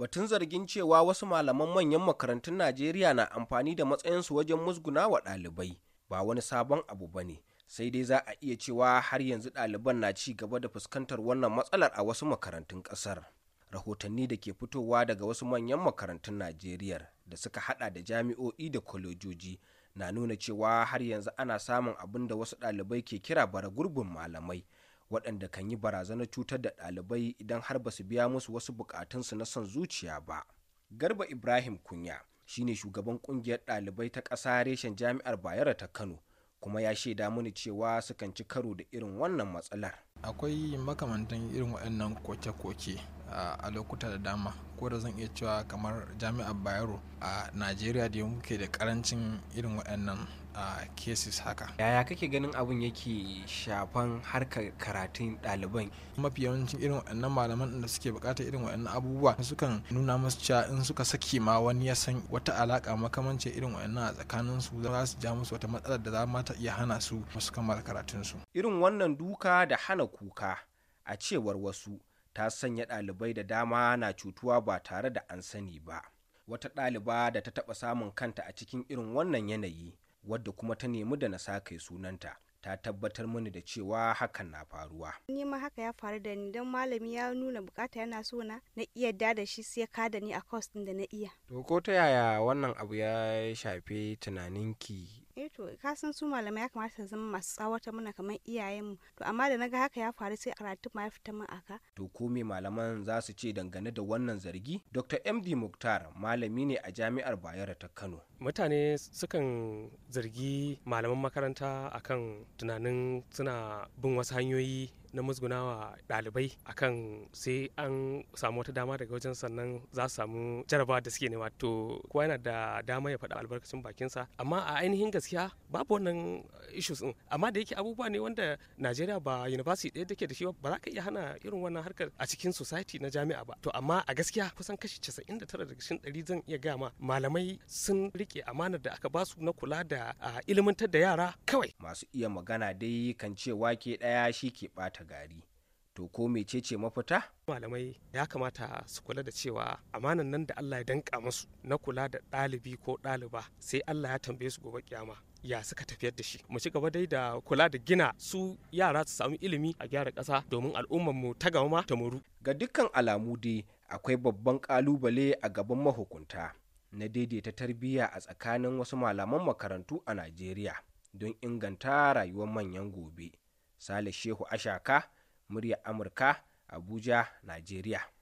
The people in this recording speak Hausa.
batun zargin cewa wasu malaman manyan makarantun Najeriya na amfani da matsayinsu wajen musguna wa ɗalibai ba wani sabon abu ba ne, sai dai za a iya cewa har yanzu ɗaliban na ci gaba da fuskantar wannan matsalar a wasu makarantun ƙasar. Rahotanni da ke fitowa daga wasu manyan makarantun Najeriya da suka haɗa da jami'o'i da kwalejoji na nuna cewa har yanzu ana samun abin da wasu ɗalibai ke kira bara gurbin malamai. waɗanda kan yi barazanar cutar da ɗalibai idan har ba su biya musu wasu bukatunsu na son zuciya ba. Garba Ibrahim Kunya shine shugaban ƙungiyar ɗalibai ta ƙasa reshen jami'ar Bayero ta Kano kuma ya shaida mini cewa sukan ci karo da irin wannan matsalar. Akwai makamantan irin waɗannan koke-koke a lokuta da dama. Ko da zan iya cewa kamar Jami'ar Bayero a Najeriya da muke da karancin irin waɗannan cases haka. Yaya kake ganin abun yake shafan harkar karatun ɗaliban? Mafi yawancin irin waɗannan malaman da suke buƙatar irin waɗannan abubuwa sukan nuna musu cewa in suka saki ma wani ya san wata alaƙa makamancin irin waɗannan a tsakanin su za su ja musu wata matsalar da za ma ta iya hana su su kammala karatun su. Irin wannan duka da hana kuka a cewar wasu ta sanya ɗalibai da dama na cutuwa ba tare da an sani ba wata ɗaliba da ta taɓa samun kanta a cikin irin wannan yanayi wadda kuma ta nemi da na sa sunanta ta tabbatar mini da cewa hakan na faruwa. Ni ma haka ya faru da ni don malami ya nuna bukata yana so na na iya da da shi sai ka da ni a cost din da na iya. To ko ta yaya wannan abu ya shafe tunaninki eh to ka san su malamai ya kamata su zama masu tsawata muna kamar iyayenmu to amma da naga haka ya faru sai karatu ma ya fita min aka to ko me malaman za su ce dangane da wannan zargi Dr MD Muktar malami ne a jami'ar Bayero ta Kano mutane sukan zargi malaman makaranta akan tunanin suna bin wasu hanyoyi na musgunawa ɗalibai akan sai an samu wata dama daga wajen sannan za su samu jaraba da suke nema to kowa yana da dama ya faɗa albarkacin bakinsa amma a ainihin gaskiya babu wannan issues din amma da yake abubuwa ne wanda Najeriya ba university ɗaya take da shi ba za ka iya hana irin wannan harkar a cikin society na jami'a ba to amma a gaskiya kusan kashi 99 daga cikin dari zan iya gama malamai sun rike amanar da aka basu na kula da ilmantar da yara kawai masu iya magana dai kan cewa ke ɗaya shi ke bata ta gari to ko mecece mafita malamai ya kamata su kula da cewa amanan nan da Allah ya danka masu na kula da ɗalibi ko ɗaliba sai Allah ya tambaye su gobe kyama ya suka tafiyar da shi mu ci gaba dai da kula da gina su yara su samu ilimi a gyara ƙasa domin al'ummar mu ta gama ta muru ga dukkan alamu dai akwai babban kalubale a gaban mahukunta na daidaita tarbiyya a tsakanin wasu malaman makarantu a Najeriya don inganta rayuwar manyan gobe Sale Shehu Ashaka, murya Amurka, Abuja, Najeriya.